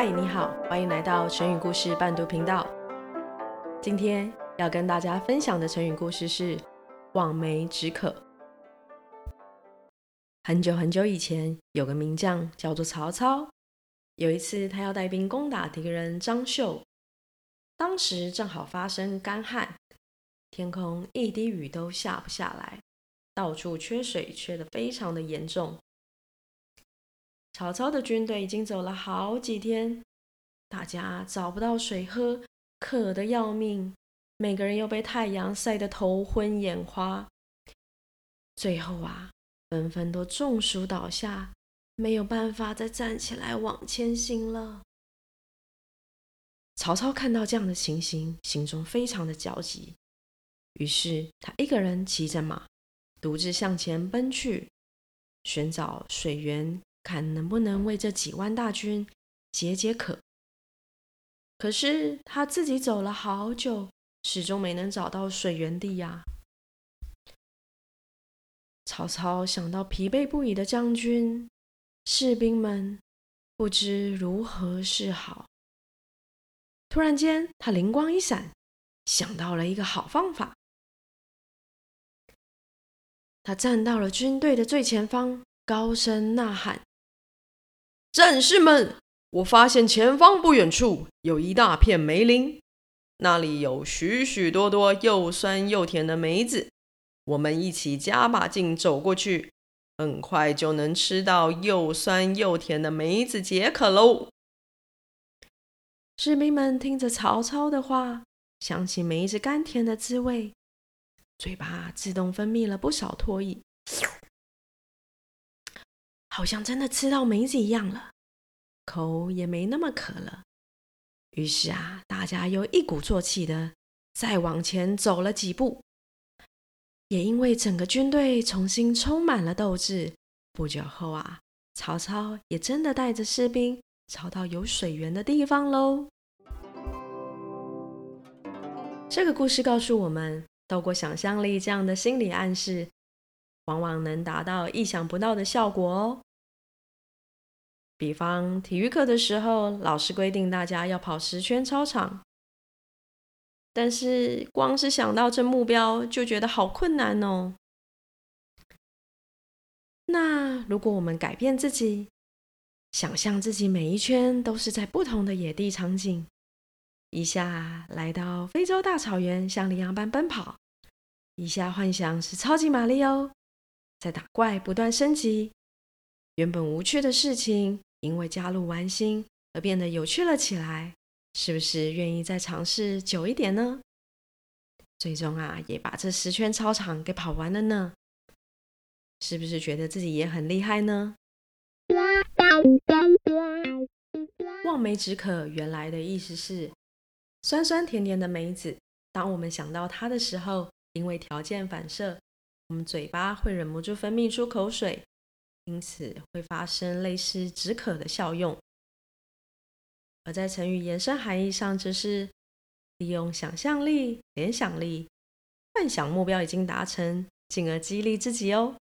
嗨，你好，歡迎來到成語故事伴讀頻道。今天要跟大家分享的成語故事是“望梅止渴”。很久很久以前，有個名將叫做曹操。有一次，他要帶兵攻打敵人張繡。當時正好發生乾旱，天空一滴雨都下不下來，到處缺水，缺得非常的嚴重。曹操的軍隊已經走了好幾天，大家找不到水喝，渴得要命。每個人又被太陽曬得頭昏眼花，最後啊，紛紛都中暑倒下，沒有辦法再站起來往前行了。曹操看到這樣的情形，心中非常的焦急，於是他一個人騎着馬，獨自向前奔去，尋找水源。看能不能為這幾萬大軍解解渴。可是他自己走了好久，始終沒能找到水源地呀。曹操想到疲憊不已的將軍、士兵們，不知如何是好。突然間，他靈光一閃，想到了一個好方法。他站到了軍隊的最前方，高聲吶喊。戰士們，我發現前方不遠處有一大片梅林，那裡有許許多多又酸又甜的梅子，我們一起加把勁走過去，很快就能吃到又酸又甜的梅子解渴嘍！士兵們聽着曹操的話，想起梅子甘甜的滋味，嘴巴自動分泌了不少唾液。好像真的吃到梅子一樣了，口也沒那麼渴了。於是啊，大家又一鼓作氣地再往前走了幾步。也因為整個軍隊重新充滿了鬥志，不久後啊，曹操也真的帶着士兵找到有水源的地方嘍。 這個故事告訴我們，透過想象力這樣的心理暗示，往往能達到意想不到的效果哦。比方體育課的時候，老師規定大家要跑十圈操場，但是光是想到這目標就覺得好困難哦。那如果我們改變自己，想象自己每一圈都是在不同的野地場景，一下來到非洲大草原像羚羊般奔跑，一下幻想是超級瑪麗哦，在打怪不斷升級，原本無趣的事情。因為加入玩心而變得有趣了起來，是不是願意再嘗試久一點呢？最終啊，也把這十圈操場給跑完了呢。是不是覺得自己也很厲害呢？嗯嗯嗯嗯、望梅止渴，原來的意思是酸酸甜甜的梅子，當我們想到它的時候，因為條件反射，我們嘴巴會忍不住分泌出口水。因此會發生類似止渴的效用，而在成語延伸含義上，則是利用想象力、聯想力、幻想目標已經達成，進而激勵自己哦。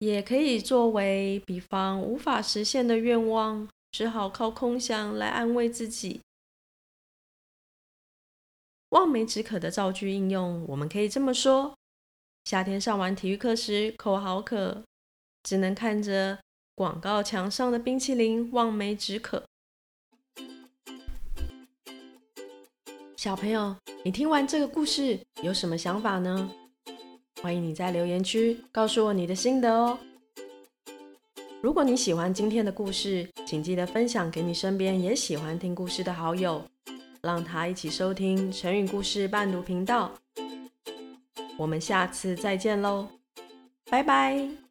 也可以作為比方，無法實現的願望，只好靠空想來安慰自己。望梅止渴的造句應用，我們可以這麼說：夏天上完體育課時，口好渴。只能看着廣告牆上的冰淇淋望梅止渴。小朋友，你聽完這個故事有什麼想法呢？歡迎你在留言區告訴我你的心得哦。如果你喜歡今天的故事，請記得分享給你身邊也喜歡聽故事的好友，讓他一起收聽成語故事伴讀頻道。我們下次再見嘍，拜拜。